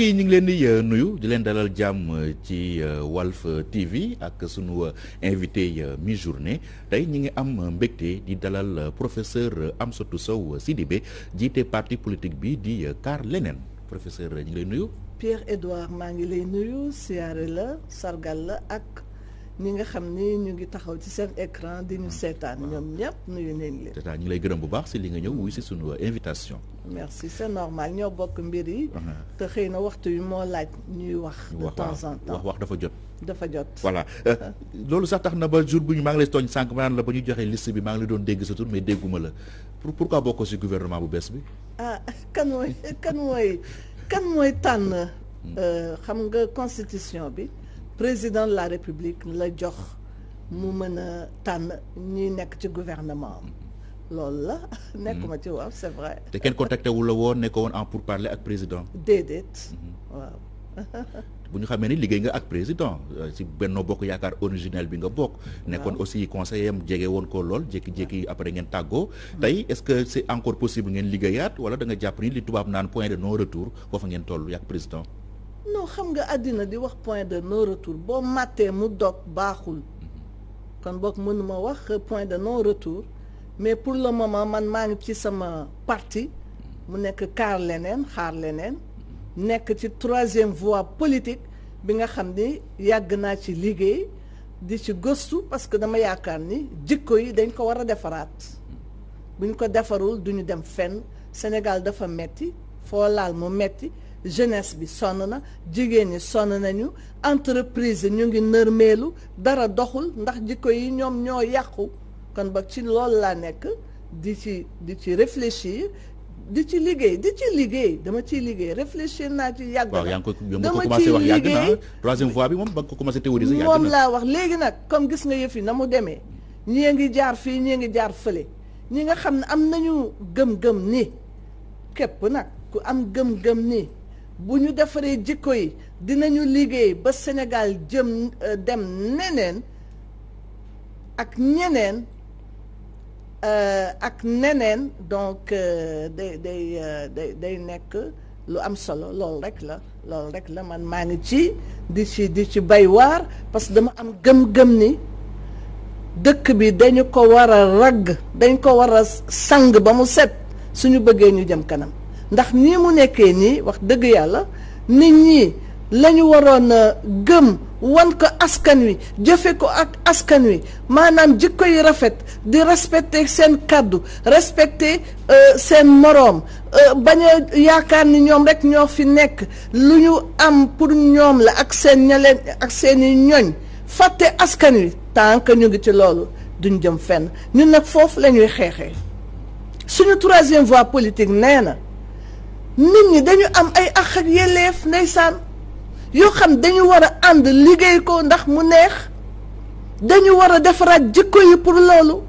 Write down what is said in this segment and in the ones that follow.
kii ñu ngi leen di euh, nuyu di leen dalal jàmm euh, ci euh, Walf TV ak sunu invité mi journée tey ñu ngi am mbégte di dalal professeur Amsatou Sow Sidibé jiite parti politique bi di Kaar Leneen professeur ñu ngi lay nuyu Pierre Édouard maa ngi lay nuyu siyaare la sargal la ak ni nga xam ni ñu ngi taxaw ci seen écran di ñu mm. seetaan ñoom ñëpp nuyu nañ leen. tata ñu ngi lay gërëm bu baax si li nga ñëw wuy si suñu invitation. merci c'est normal ñoo bokk mbir yi. Uh-huh. te xëy na waxtu yi moo laaj ñuy wax. de temps en temps wax dafa jot. dafa jot voilà euh, loolu sax tax na ba jour bu ñu maa ngi lay tooñ sànq ma la ba ñu joxee list bi maa ngi la doon dégg sa tur mais dégguma la pour pour pourquoi bokkoo si gouvernement bu bees bi. ah kan mooy kan mooy kan mooy tànn. Mm. Euh, xam nga constitution bi. président de la république la jox mu mën a tànn ñuy nekk ci gouvernement am loolu la mm-hmm. nekkuma ci waaw c'est vrai te kenn contacté wu la woon nekk woon pour parler ak président déedéet mm-hmm. waaw bu ñu xamee ni liggéey nga ak président euh, ci Bokk Yaakaar originel bi nga bokk nekkoon aussi conseiller am jege woon ko lool jékki-jékki après ngeen tàggoo mm-hmm. tey est-ce que c'est encore possible ngeen liggéeyaat wala da nga jàpp ni li tubaab naan point de non retour foofa ngeen toll yaak président non xam nga àddina di wax point de non retour boo màttee mu dog baaxul kon boog mënuma wax point de non retour mais pour la moment man maa ngi ci sama parti mu nekk kaar leneen xaar leneen nekk ci troisième voie politique bi nga xam ni yàgg naa ci liggéey di ci gëstu parce que dama yaakaar ni jikko yi dañ ko war a defaraat bu ñu ko defarul duñu dem fenn Sénégal dafa metti foo laal mu metti jeunesse bi sonn na jigéen ñi sonn nañu entreprise ñu ngi nërmeelu dara doxul ndax jikko yi ñoom ñoo yàqu kon ba ci loolu laa nekk di ci di ci réfléchir di ci liggéey di ci liggéey dama ciy liggéey réfléchir naa ci yàgg na dama ciy liggéey troisième fois bi moom ba nga ko commencé théoriser moom laa wax léegi nag comme gis nga yëf yi na mu demee ñii ngi jaar fii ñii ngi jaar fële ñi nga xam ne am nañu gëm-gëm nii képp nag ku am gëm-gëm nii bu ñu defaree jikko yi dinañu liggéey ba Sénégal jëm euh, dem neneen ak ñeneen euh, ak neneen donc euh, day day day day nekk lu am solo loolu rek la loolu rek la man maa ngi ci di ci di ci bay waar parce que dama am gëm-gëm ni dëkk bi dañu ko war a ragg dañ ko war a sang ba mu set suñu bëggee ñu jëm kanam ndax nii mu nekkee nii wax dëgg yàlla nit ñi lañu ñu waroon gëm wan ko askan wi jëfe ko ak askan wi maanaam jikko yi rafet di respecter seen kàddu respecter euh, seen moroom euh, bañ yaakaar ni ñoom rekk ñoo fi nekk lu ñu am pour ñoom la ak seen ñaleen ak seeni ñoñ fàtte askan wi tant que ñu ngi ci loolu duñu jëm fenn ñun nag foofu la ñuy xeexee suñu troisième voie politique nee na nit ñi dañu am ay àq ak yelleef ndeysaan yoo xam dañu war a ànd liggéey ko ndax mu neex dañu war a defaraat jikko yi pour loolu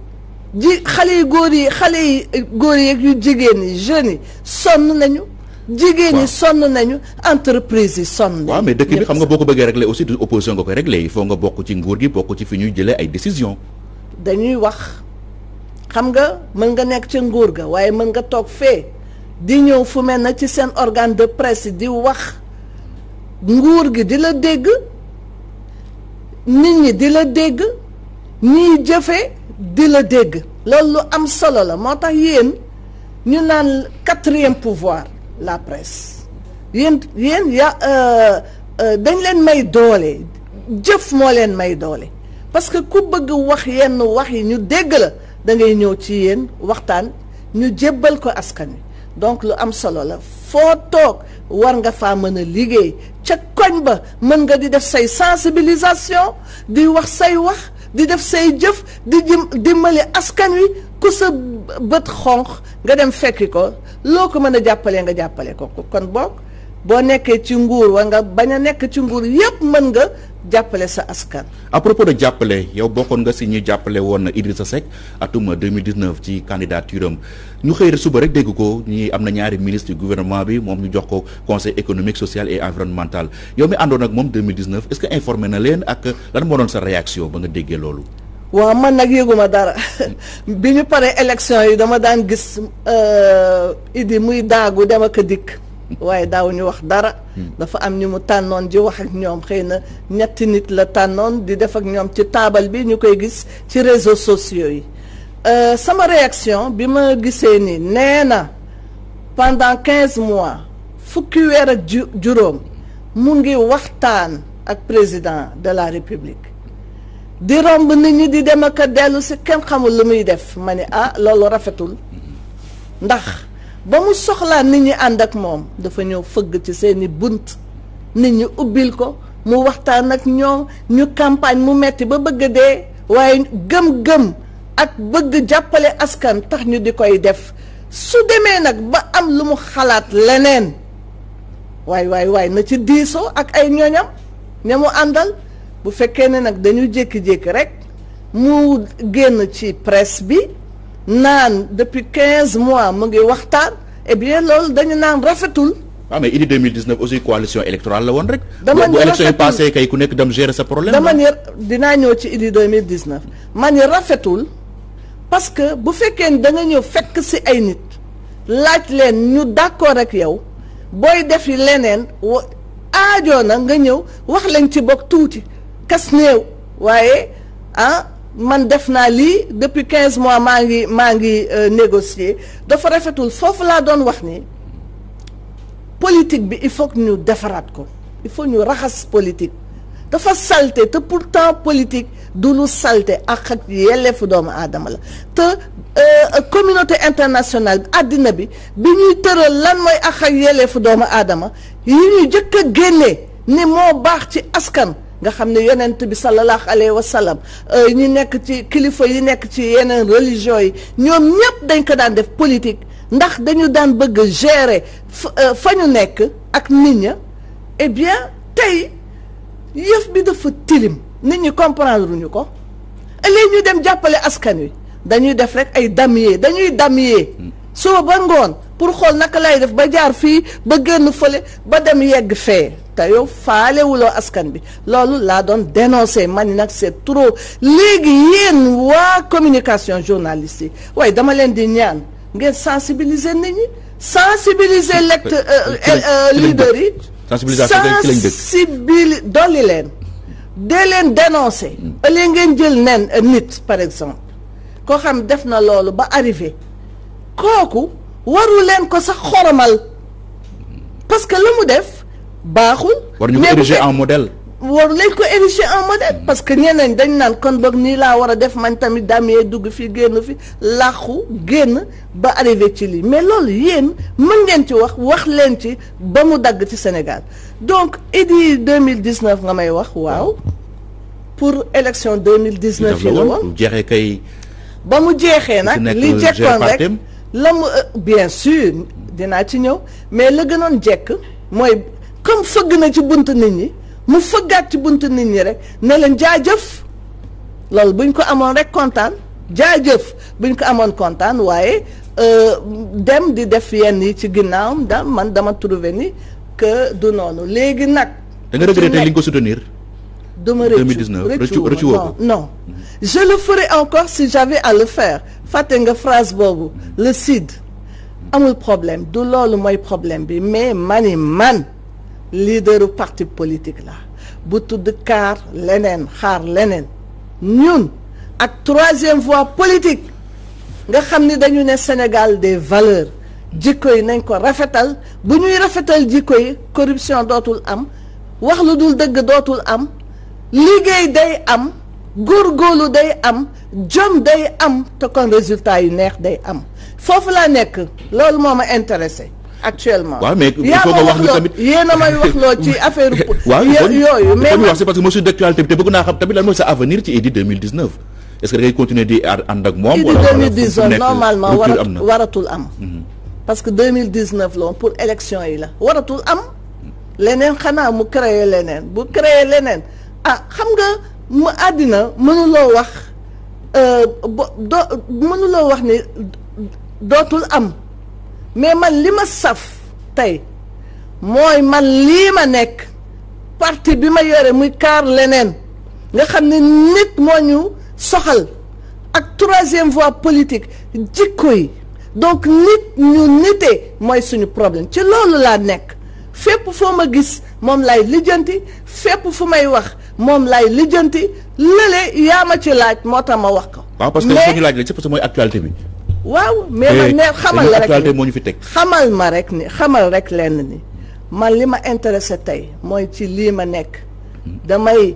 ji xale yu góor yi xale yi góor yeeg yu jigéen yi jeunes yi sonn nañu jigéen ñi sonn nañu entreprise yi sonn nañu waaw mais dëkk bi xam nga boo ko bëggee régler aussi du opposition nga koy régler il faut nga bokk ci nguur gi bokk ci fi ñuy jëlee ay décision dañuy wax xam nga mën nga nekk ca nguur ga waaye mën nga toog fee di ñëw fu mel na ci seen organe de presse di wax nguur gi di la dégg nit ñi di la dégg ñiy jëfe di la dégg loolu lu am solo la moo tax yéen ñu naan quatrième pouvoir la presse yéen yéen ya euh, euh, dañ leen may doole jëf moo leen may doole parce que ku bëgg wax yenn wax yi ñu dégg la da ngay ñëw ci yéen waxtaan ñu jébbal ko askan wi donc lu am solo la foo toog war nga faa mën a liggéey ca koñ ba mën nga di def say sensibilisation di wax say wax di def say jëf di dimbali askan wi ku sa bët xonq nga dem fekki ko loo ko mën a jàppalee nga jàppale ko kon boog boo nekkee ci nguur wa nga bañ a nekk ci nguur yépp mën nga jàppale sa askan. à propos de jàppale yow bokkoon nga si ñu jàppale woon Idrissa Seck atum 2019 ci candidature am ñu xëy suba rek dégg ko ñu ñi am na ñaari ministre du gouvernement bi moom ñu jox ko conseil économique social et environnemental yow mi àndoon ak moom 2019 est-ce que informé na leen ak lan moo doon sa réaction ba nga déggee loolu. waaw man nag yëguma dara hmm. bi ñu paree élection yi dama daan gis euh, idi muy daagu dem ak dikk hmm. waaye daaw ñu wax dara hmm. dafa am ñu mu tànnoon ji wax ak ñoom xëy na ñetti nit la tànnoon di def ak ñoom ci taabal bi ñu koy gis ci réseau sociaux yi Euh, sama réaction bi ma gisee ni nee na pendant quinze mois fukki weer ak ju juróom mu ngi waxtaan ak président de la république di romb nit ñi di dem ak a si kenn xamul lu muy def ma ne ah loolu rafetul ndax ba mu soxlaa nit ñi ànd ak moom dafa ñëw fëgg ci seeni bunt nit ñi ubbil ko mu waxtaan ak ñoom ñu campagne mu metti ba bëgg a dee waaye gëm-gëm ak bëgg jàppale askan tax ñu di koy def su demee nag ba am lu mu xalaat leneen waay waay waay na ci diisoo ak ay ñoñam ña mu àndal bu fekkee ne nag dañu jékki-jékki rek mu génn ci presse bi naan depuis quinze mois mu ngi waxtaan et eh bien loolu dañu naan rafetul. waaw ah, mais Idy 2019 aussi coalition électorale la woon rek. dama bu élection ku nekk dem gérer sa problème. dama ni dinaa ñëw ci Idy 2019 ma ni rafetul. parce que bu fekkee ni da nga ñëw fekk ci ay nit laaj leen ñu d'accord ak yow booy def yi leneen wa aajoo na nga ñëw wax lañ ci bokk tuuti kas néew waaye ah man def naa lii depuis quinze mois maa ngi maa ngi euh, négocier dafa rafetul foofu laa doon wax ni politique bi il faut ñu defaraat ko il faut ñu raxas politique dafa salte te pourtant politique du lu salte ak ak yelleefu doomu aadama la te euh, communauté international bi àddina bi bi ñuy tëral lan mooy ak ak yelleefu doomu aadama yi ñuy jëkk a génne ni moo baax ci askan nga xam ne yonent bi sallallahu alayhi wa sallam euh, ñi nekk ci kilifa yi nekk ci yeneen religion yi ñoom ñëpp dañ ko daan def politique ndax dañu daan bëgg gérer euh, fa ñu nekk ak nit ña eh bien tey yëf bi dafa tilim nit ñi comprendre ñu ko léegi ñu dem jàppale askan wi dañuy def rek ay damier dañuy damier suba ba ngoon pour xool naka lay def ba jaar fii ba génn fële ba dem yegg fee te yow faalewuloo askan bi loolu laa doon dénoncé man nag c'est trop léegi yéen waa communication journaliste yi waaye dama leen di ñaan ngeen sensibiliser nit ñi sensibiliser lect euh, euh, euh, leaders yi sensibiliser dolli leen dee leen dénoncer. au mm. ngeen jël nen euh, nit par exemple koo xam def na loolu ba arriver kooku waru leen ko sax xoromal parce que la mu def baaxul. war ñu ko ériger en modèle. waru lañ ko érigé en modèle parce que ñeneen dañ naan kon boog nii laa war a def man tamit daam yee dugg fi génn fi làqu génn ba arrivé ci lii mais loolu yéen mën ngeen ci wax wax leen ci ba mu dagg ci Sénégal donc mille Idy 2019 nga may wax waaw pour élection 2019 yi la woon jeexee kay ba mu jeexee nag li jekkoon la mu euh, bien sûr dinaa ci ñëw mais la gënoon jekk mooy comme fëgg na ci bunt nit ñi mu fëggaat ci buntu nit ñi rek ne leen jaajëf loolu buñ ko amoon rek kontaan jaajëf buñ ko amoon kontaan waaye euh, dem di def yenn yi ci ginnaawam da man dama trouvé ni que du noonu léegi nag. da nga regretté li nga ko soutenir. du ma rëccu rëccu non non je le ferai encore si j'avais à le faire fàtte nga phrase boobu le sida amul problème du loolu mooy problème bi mais mani man. leaderu parti politique la bu tudd kaar leneen xaar leneen ñun ak troisième voie politique nga xam ni dañu ne Sénégal de valeurs jikko yi nañ ko rafetal bu ñuy rafetal jikko yi corruption dootul am wax lu dul dëgg dootul am liggéey day am góorgóorlu day am jom day am te kon résultat yu neex day am foofu laa nekk loolu moo ma intéressé actuellement. waaw mais il faut nga wax ñu tamit yéen a may wax loo ci affaire. waaw yooyu mais wax c'est parce que monsieur d'actualité te bëgg naa xam tamit lan mooy sa avenir ci Idy 2019 est-ce que da ngay continuer di ànd ak moom. am wala fu waratul am. Mhm. parce que 2019 la woon pour élection yi la waratul am leneen xanaa mu créer leneen bu créer leneen ah xam nga mu àddina mënuloo wax euh, bo doo mënuloo wax ni dootul am. mais man li ma saf tey mooy man lii ma nekk parti bi ma yore muy kaar leneen nga xam ne nit moo ñu soxal ak troisième voie politique jikko yi donc nit ñu nite mooy suñu problème ci loolu laa nekk fépp foo ma gis moom laay lijjanti fépp fu may wax moom laay lijjanti lële yaa ma ci laaj moo tax ma wax ko. waaw parce que ñu laaj la ci parce mooy actualité bi. waaw mais man ne eh, xamal la rek moo fi teg xamal ma rek ni xamal rek lenn ni man li ma intéressé tey mooy ci lii ma nekk damay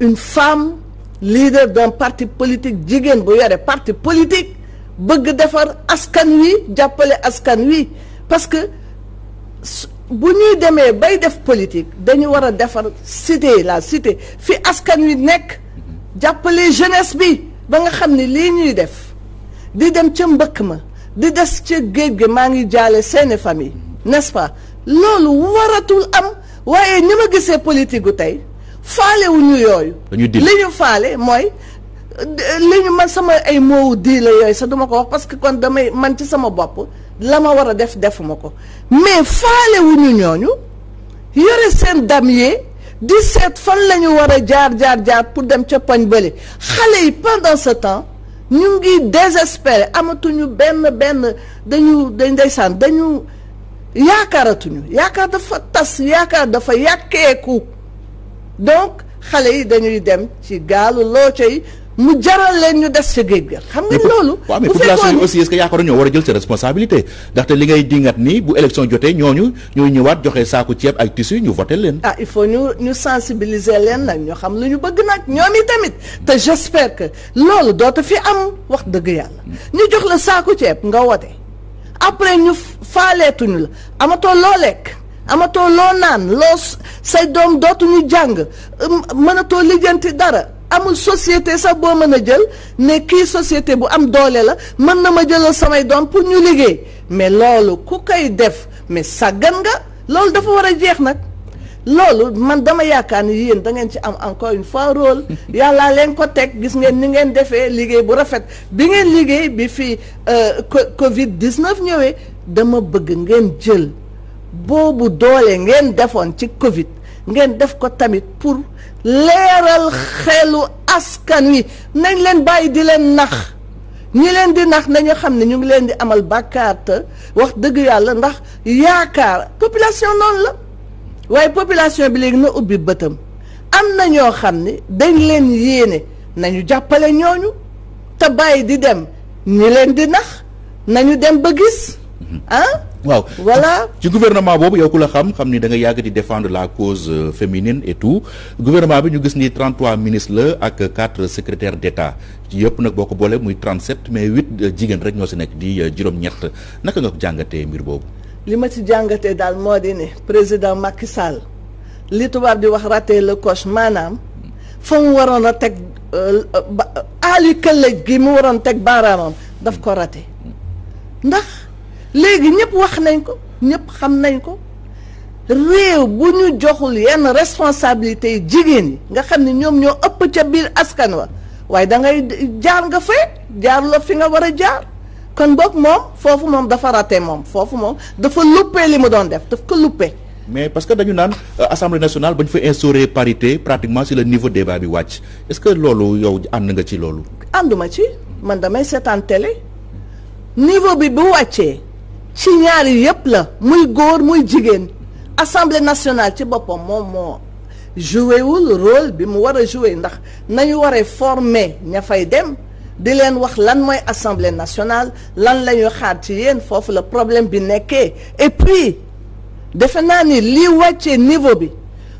une femme leader doon parti politique jigéen bu yore parti politique bëgg defar askan wi jàppale askan wi parce que bu ñuy demee bay def politique dañu war a defar site la cité fi askan wi nekk jàppale jeunesse bi ba nga xam ne lii ñuy def di dem ca mbëkk ma di des ca géej gi maa ngi jaale seeni famille nest pa pas loolu waratul am waaye ñi ma gisee politique gu tey faale wu ñu yooyu li ñu faale mooy li ñu man sama ay moowu dii la yooyu sax duma ko wax parce que kon damay man ci sama bopp la ma war a def defuma ko mais faale wu ñu ñooñu yore seen damier di seet fan la ñu war a jaar jaar jaar pour dem ca poñ bële xale yi pendant sa temps ñu ngi désespéré amatuñu benn benn dañu dañ ndeysaan dañu yaakaaratuñu yaakaar dafa tas yaakaar dafa yàkkeeku donc xale yi dañuy dem ci gaalu looco yi mu jaral leen ñu des ca géej ga xam nga loolu waaw mais population yi aussi est-ce que yaakaaroon war a jël sa responsabilité ndaxte li ngay dingat nii bu élection jotee ñoo ñu ñooy ñëwaat joxe saako ceeb ay tissu ñu voté leen ah il faut ñu ñu sensibiliser leen nag ñu xam lu ñu bëgg nag ñoom i tamit te j'espère que loolu dootu fi am wax dëgg yàlla ñu jox la saako ceeb nga wote après ñu faaleetuñu la amatoo loo lekk amatoo loo naan loo say doom dootuñu jàng mënatoo lijjanti dara amul société sax boo mën a jël ne kii société bu am doole la mën na ma jël jëlal samay doom pour ñu liggéey mais loolu ku koy def mais sàggan nga loolu dafa war a jeex nag loolu man dama yaakaar ni yéen da ngeen ci am encore une fois rôle yàllaa leen ko teg gis ngeen ni ngeen defee liggéey bu rafet bi ngeen liggéey bi fii euh, Covid 19 ñëwee dama bëgg ngeen jël boobu doole ngeen defoon ci Covid ngeen def ko tamit pour. leeral xelu askan yi nañ leen bàyyi di leen nax ñi leen di nax nañu xam ne ñu ngi leen di amal bàkkaar wax dëgg yàlla ndax yaakaar population noonu la waaye population bi léegi na ubbi bëtam am na ñoo xam ne dañ leen yéene nañu jàppale ñooñu te bàyyi di dem ñi leen di nax nañu dem ba gis mm-hmm. ah? waaw voilà ci gouvernement boobu yow ku la xam xam ni da nga yàgg di défendre la cause euh, féminine et tout gouvernement bi ñu gis ni 33 ministres la ak 4 secrétaires d'État yëpp nag boo ko boolee muy 37 mais 8 euh, jigéen rek ñoo si nekk di euh, juróom-ñett naka nga ko jàngatee mbir boobu. li ma ci jàngatee daal moo di ne président Macky Sall li tubaab di wax raté la coche maanaam fa mu waroon a teg ba aali këllëg gi mu waroon teg baaraamam daf ko raté léegi ñëpp wax nañ ko ñëpp xam nañ ko réew bu ñu joxul yenn responsabilité jigéen yi nga xam ne ñoom ñoo ëpp ca biir askan wa waaye da ngay jaar nga fa jaar la fi nga war a jaar kon boog moom foofu moom dafa raté moom foofu moom dafa luppee li ma doon def daf ko luppee mais parce que dañu naan euh, assemblée nationale ba ñu fa instauré parité pratiquement si la niveau débat bi wàcc est-ce que loolu yow ànd nga ci loolu ànduma ci man damay seetaan télé bi bu wàccee ci ñaar yi yëpp la muy góor muy jigéen assemblée nationale ci boppam moom moo joué rôle bi mu war a joué ndax nañu waree former ña fay dem di leen wax lan mooy assemblée nationale lan la xaar ci yéen foofu la problème bi nekkee et puis defe naa ni lii wàccee niveau bi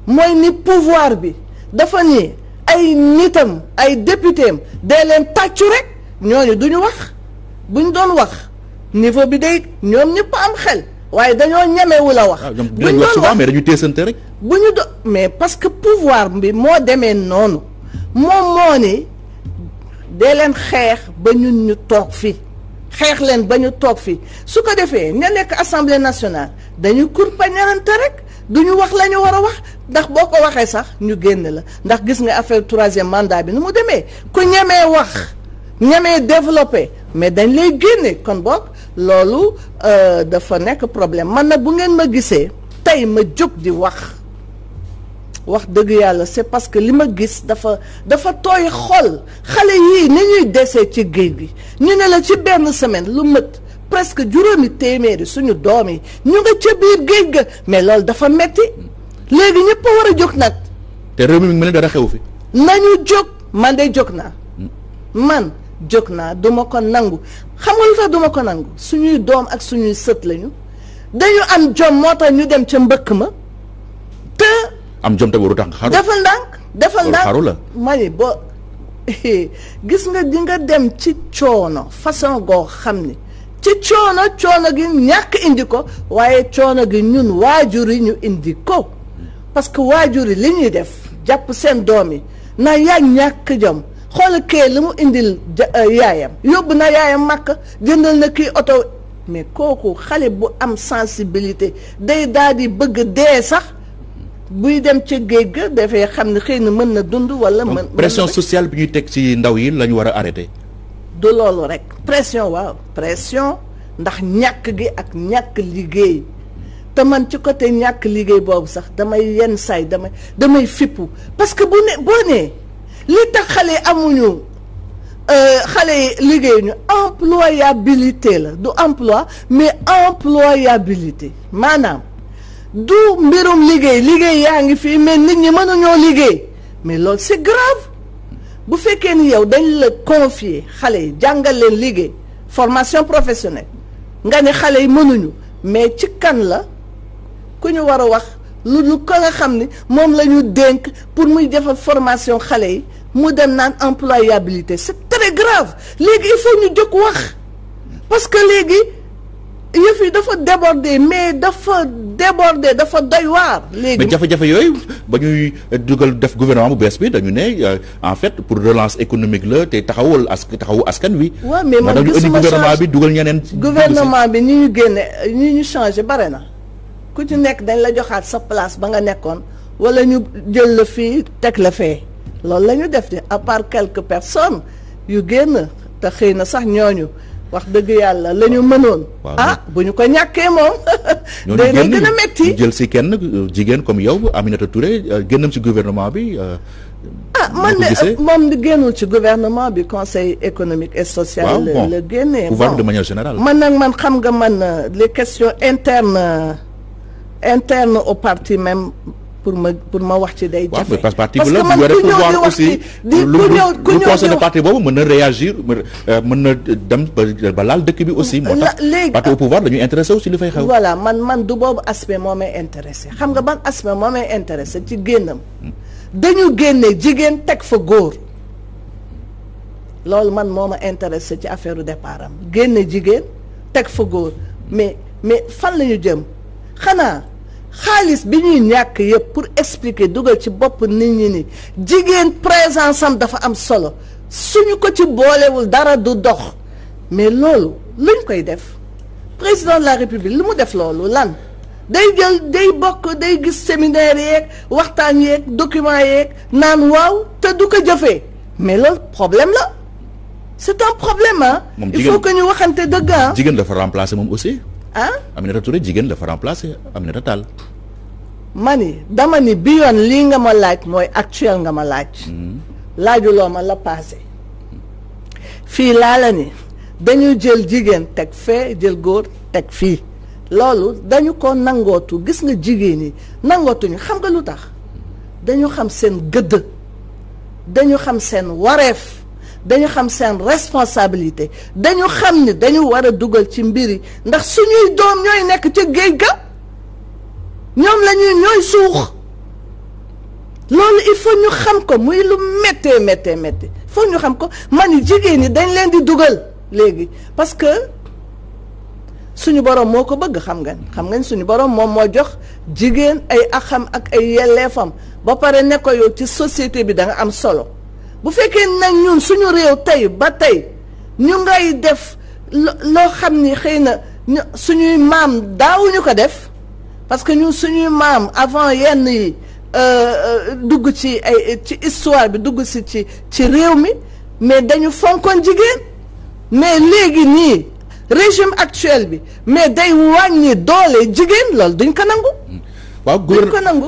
mooy ni pouvoir bi dafa ni ay nitam ay députéem dee leen tàccu rek ñooñu duñu wax bu ñu doon wax. niveau bi day ñoom ñëpp am xel waaye dañoo ñemewu la wax. bu ñu doon wax mais dañu rek. bu ñu do mais parce que pouvoir bi moo demee noonu moom moo ni dee leen xeex ba ñun ñu toog fii xeex leen ba ñu toog fii su ko defee ña nekk assemblée nationale dañu kurpañarante rek du ñu wax la ñu war a wax ndax boo ko waxee sax ñu génn la ndax gis nga affaire troisième mandat bi nu mu demee ku ñemee wax ñemee développé mais dañ lay génne kon boog. loolu euh, dafa nekk problème man nag bu ngeen ma gisee tey ma jóg di wax wax dëgg yàlla c'est parce que li ma gis dafa dafa tooy xol xale yii ni ñuy desee ci géej gi ñu ne la ci benn semaine lu mët presque juróomi téeméeri suñu doom yi ñu nga ca biir géej ga mais loolu dafa metti léegi ñëpp a war a jóg nag. te réew mi mu ne dara xew fi. nañu jóg man de jóg naa mm. man. jóg naa duma ko nangu xam nga lu tax duma ko nangu suñuy doom ak suñuy sët lañu dañu am jom moo tax ñu dem ca mbëkk ma te. am jom te waru tax xaru ndànk defal ndànk xaru la ma ni gis nga di nga dem ci coono façon goo xam ni ci coono coono gi ñàkk indi ko waaye coono gi ñun waajur yi ñu indi ko parce que waajur yi li ñuy def jàpp seen doom yi na yaa ñàkk jom xoolal kee la mu indil euh, yaayam yóbbu na yaayam màkk jëndal na kii oto mais kooku xale bu am sensibilité day daal di bëgg dee sax buy dem ca géej ga dafay xam ne xëy na mën na dund wala mën pression sociale bi ñuy teg ci ndaw yi la ñu war a arrêté du loolu rek pression waaw pression ndax ñàkk gi ak ñàkk liggéey te man ci côté ñàkk liggéey boobu sax damay yenn saay damay damay fippu parce que bu ne boo nee li tax xale yi amuñu euh, xale yi liggéeyuñu employabilité la du emploi mais employabilité maanaam du mbirum liggéey liggéey yaa ngi fii mais nit ñi mënuñoo liggéey mais loolu c'est grave bu fekkee ni yow dañ la confier xale yi jàngal leen liggéey formation professionnelle nga ne xale yi mënuñu mais ci kan la ku ñu war a wax lu lu ko nga xam ne moom la ñu dénk pour muy defal formation xale yi mu dem naan employabilité c'est très grave léegi il faut ñu jóg wax parce que léegi yëf yi dafa déborder mais dafa déborder dafa doy waar. léegi mais jafe-jafe yooyu ba ñuy dugal def gouvernement bu bees bi dañu ne euh, en fait pour relance économique la te taxawul as taxawu askan wi. waaw mais man gisuma gouvernement bi dugal ñeneen. gouvernement bi ñi ñu génne ñi ñu changé bare na. ku ci nekk dañ la joxaat sa place ba nga nekkoon wala ñu jël la fii teg la fee loolu la ñu def de à part quelques personnes yu génn te xëy na sax ñooñu wax dëgg yàlla la ñu mënoon. ah bu ñu ko ñàkkee moom. day day gën a jël si kenn jigéen comme yow Aminata Touré euh, génnam si gouvernement bi. Euh, ah man de moom génnul ci gouvernement bi conseil économique et social. la génnee bon pouvoir de manière man nag man xam nga man euh, les question internes. interne au parti même pour ma pour ma wax ci day jafe parce que man ku ñëw di wax ci di ku ñëw ku ñëw di wax parti boobu mën na réagir mën euh, na euh, dem ba laal dëkk bi aussi moo tax léegi parti au pouvoir dañuy intéressé aussi li fay xew voilà man man du boobu aspect moo may intéressé xam nga ba aspect moo may intéressé ci génnam dañu génne jigéen teg fa góor loolu man moo ma intéressé ci affaire u départ génne jigéen teg fa góor mais mais fan la jëm xanaa xaalis bi ñuy ñàkk yëpp pour expliquer dugal ci bopp nit ñi ni jigéen présence am dafa am solo suñu ko ci boolewul dara du dox mais loolu luñ koy def président de la république lu mu def loolu lan day jël day bokk day gis séminaire yeeg waxtaan yeeg document yeeg naan waaw te du ko jëfee mais loolu problème la c'est un problème ah il faut que ñu waxante dëgg ah jigéen dafa remplacer moom aussi ah. Aminata Touré jigéen la fa remplacer Aminata Tall. ma ni dama ni bi yoon lii nga ma laaj mooy actuel nga ma laaj. Hmm. laajuloo ma la passé. fii laa la ni dañuy jël jigéen teg fee jël góor teg fii loolu dañu ko nangootu gis nga jigéen yi nangootuñu xam nga lu tax dañu xam seen gëdd dañu xam seen wareef. dañu xam seen responsabilité dañu xam ni dañu war a dugal ci mbir yi ndax suñuy doom ñooy nekk ca géej ga ñoom lañuy ñuy ñooy suux loolu il faut ñu xam ko muy lu méttee méttee méttee faut ñu xam ko man yi jigéen ñi dañ leen di dugal léegi parce que suñu borom moo ko bëgg xam nga xam nga suñu borom moom moo jox jigéen ay axam ak ay yelleefam ba pare ne ko yow ci société bi da am solo. bu fekkee nag ñun suñu réew tey ba tey ñu ngay def loo xam ni xëy na suñuy maam daawuñu ko def parce que ñun suñuy maam avant yenn yi euh, euh, dugg ci ay ci histoire bi dugg si ci ci réew mi mais dañu fonkoon jigéen mais léegi nii régime actuel bi mais day wàññi doole jigéen loolu duñ ko nangu mm. waaw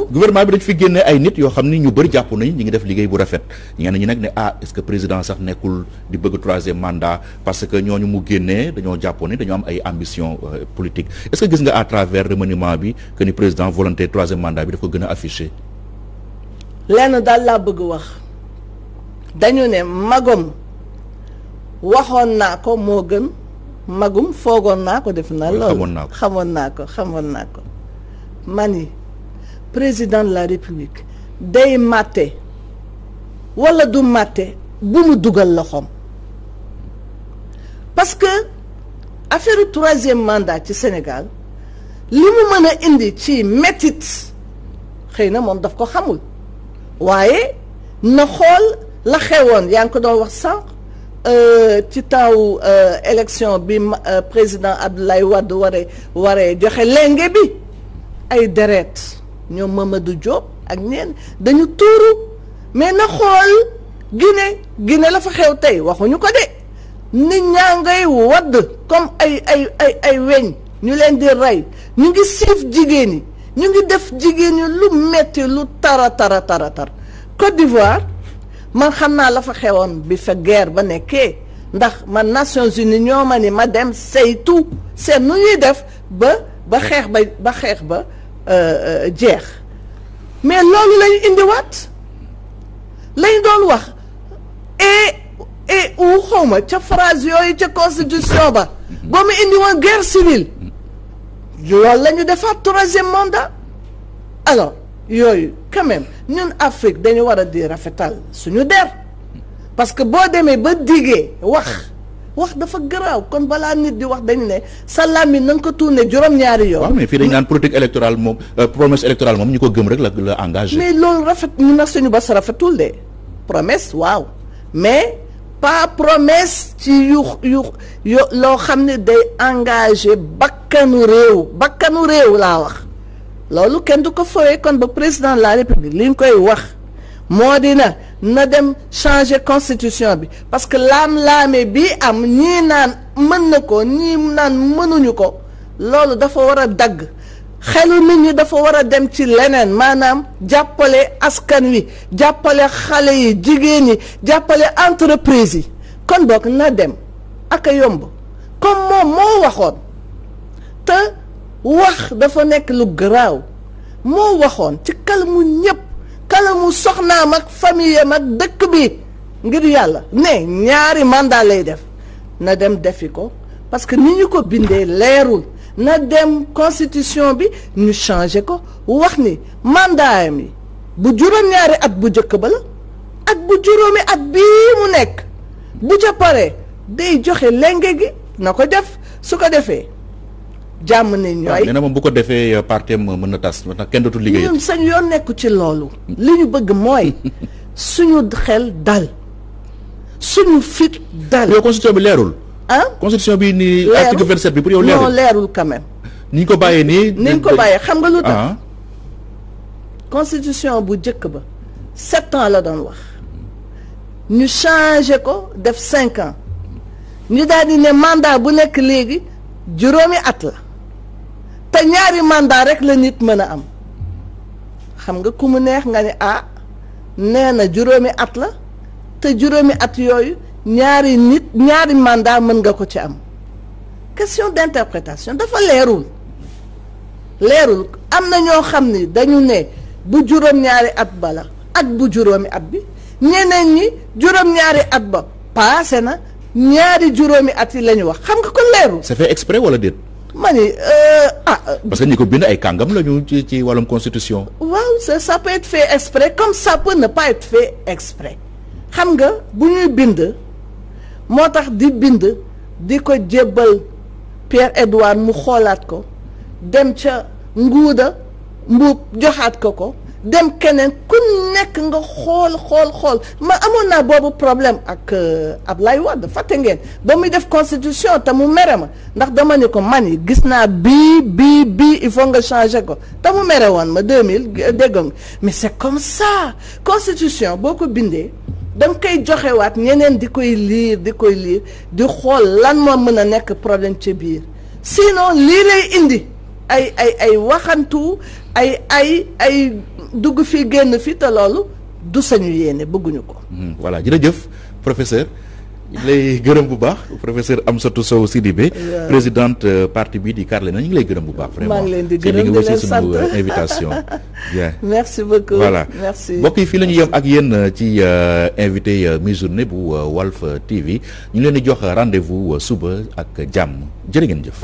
gouvernement bi dañ fi génne ay nit yoo xam ni ñu bëri jàpp nañ ñu ngi def liggéey bu rafet ñenn ñi nag ne ah est-ce que président sax nekkul di bëgg troisième mandat parce que ñoo ñooñu mu génnee dañoo jàppoon ni dañoo am ay ambition euh, politique est-ce gis nga à travers remaniement bi que ni président volonté troisième mandat bi daf ko gën a affiché lenn daal laa bëgg wax dañu ne magom waxoon naa ko moo gën magum foogoon naa ko def naa loolu xamoon naa ko xamoon naa ko xamoon naa ko man yi président la république day màtte walla du màtte bu mu dugal loxoom parce que affaire troisième mandat ci Sénégal li mu mën a indi ci mettit xëy na moom daf ko xamul waaye na xool la xewoon yaa ngi ko doon wax sànq euh, ci taawu euh, élection bi euh, président Abdoulaye Wade ware waree joxe lenge bi ay deret ñoom Mamadou Diop ak ñeen dañu tuuru mais na xool Guinée gine la fa xew tey waxuñu ko de nit ñaa ngay wadd comme ay ay ay ay weñ ñu leen di rey ñu ngi siif jigéen ñi ñu ngi def jigéen ñi lu metti lu tara tara tara tar Côte d'Ivoire man xam naa la fa xewoon bi fa guerre ba nekkee ndax man Nations Unies ñoo ma ni ma dem saytu seet nu ñuy def ba ba xeex ba ba xeex ba Euh, euh, jeex mais loolu lañu indiwaat lañu doon wax et et ou xawma ca phrase yooyu ca constitution ba ba mu indi woon guerre civile loolu la ñu defaat troisième mandat alors yooyu quand même ñun Afrique dañu war a di rafetal suñu der parce que boo demee ba diggee wax wax dafa garaaw kon balaa nit di wax dañ ne sa làmmiñ na nga ko tourné juróom-ñaari yoon. waaw mais fii dañ naan politique électorale moom euh, promesse électorale moom ñu ko gëm rek la la engagé. mais loolu rafet ñu nag suñu bas rafetul de promesse waaw mais pas promesse ci yuux yu loo xam ne day engagé bakkanu réew bakkanu réew laa wax loolu kenn du ko fowee kon ba président de la république li ñu koy wax. moo di na na dem changer constitution bi parce que laam-laame bii am ñii naan mën na ko ñii naan mënuñu ko loolu dafa war a dagg xelu nit ñi dafa war a dem ci leneen maanaam jàppale askan wi jàppale xale yi jigéen ñi jàppale entreprise yi kon boog na dem ak a yomb comme moom moo waxoon te wax dafa nekk lu garaaw moo waxoon ci kal mu ñëpp kanamu soxnaam ak famille am ak dëkk bi ngir yàlla ne ñaari mandat lay def na dem defi ko parce que ni ñu ko bindee leerul na dem constitution bi ñu changé ko wax ni mandatam yi bu juróom-ñaari at bu jëkk ba la ak bu juróomi at bii mu nekk bu ca paree day joxe lenge gi na ko def su ko defee jàmm ne ñooy. nee na moom bu ko defee euh, parti am euh, mën na tas maintenant kenn dootul liggéey. ñun sañ yoon nekku ci loolu. li ñu bëgg mooy suñu xel dal suñu fit dal. yow constitution bi leerul. ah constitution bi nii. leerul article bi pour yow leerul non leerul quand même. ni ñu ko bàyyee nii. ni ñu ko bàyyee xam nga lu tax. Ah. constitution bu njëkk ba. sept ans la doon wax. ñu changé ko def cinq an ñu daal di ne mandat bu nekk léegi. juróomi at la te ñaari mandat rek la nit mën a am xam nga ku mu neex nga ni ah nee na juróomi at la te juróomi at yooyu ñaari nit ñaari mandat mën nga ko ci am question d'interprétation dafa leerul leerul am na ñoo xam ni dañu ne bu juróom-ñaari at ba la ak bu juróomi at bi ñeneen ñi juróom-ñaari at ba paase na ñaari juróomi at yi la ñu wax xam nga ko leerul. c'est fait exprès wala déet. ma ni. Euh, ah euh, parce que ñi ko bind ay kàngam la ñu ci ci wàllum constitution. waaw ça ça peut être fait exprès comme ça peut fait exprès xam nga bu ñuy bind moo tax di bind di ko jébbal Pierre-Édouard mu xoolaat ko dem ca nguuda mbuub joxaat ko ko dem keneen ku nekk nga xool xool xool ma amoon naa boobu problème ak euh, Ablaye Wade fàtte ngeen ba muy def constitution te mu mere ma ndax dama ni ko man yi gis naa bii bii bii il faut nga changer ko te mu mere woon ma 2000 dégg nga mais c'est comme ça constitution boo ko bindee danga koy joxewaat ñeneen di koy liir di koy liir di xool lan ma mën a nekk problème ci biir sinon lii lay indi ay ay ay waxantu ay ay ay dugg fii génn fii te loolu du sañu yéene bëgguñu ko. Hmm, voilà jërëjëf professeur. lay gërëm bu baax professeur Amsatou Sow Sidibé présidente euh, parti bii di na ñu ngi lay gërëm bu baax vraiment maa ngi leen di gërëm di leen sant suñu euh, invitation bien voilà merci mbokk yi fii la ñu yem ak yéen euh, ci invité mi-journée bu Walf TV ñu leen di jox rendez-vous suba ak jàmm jërë ngeen jëf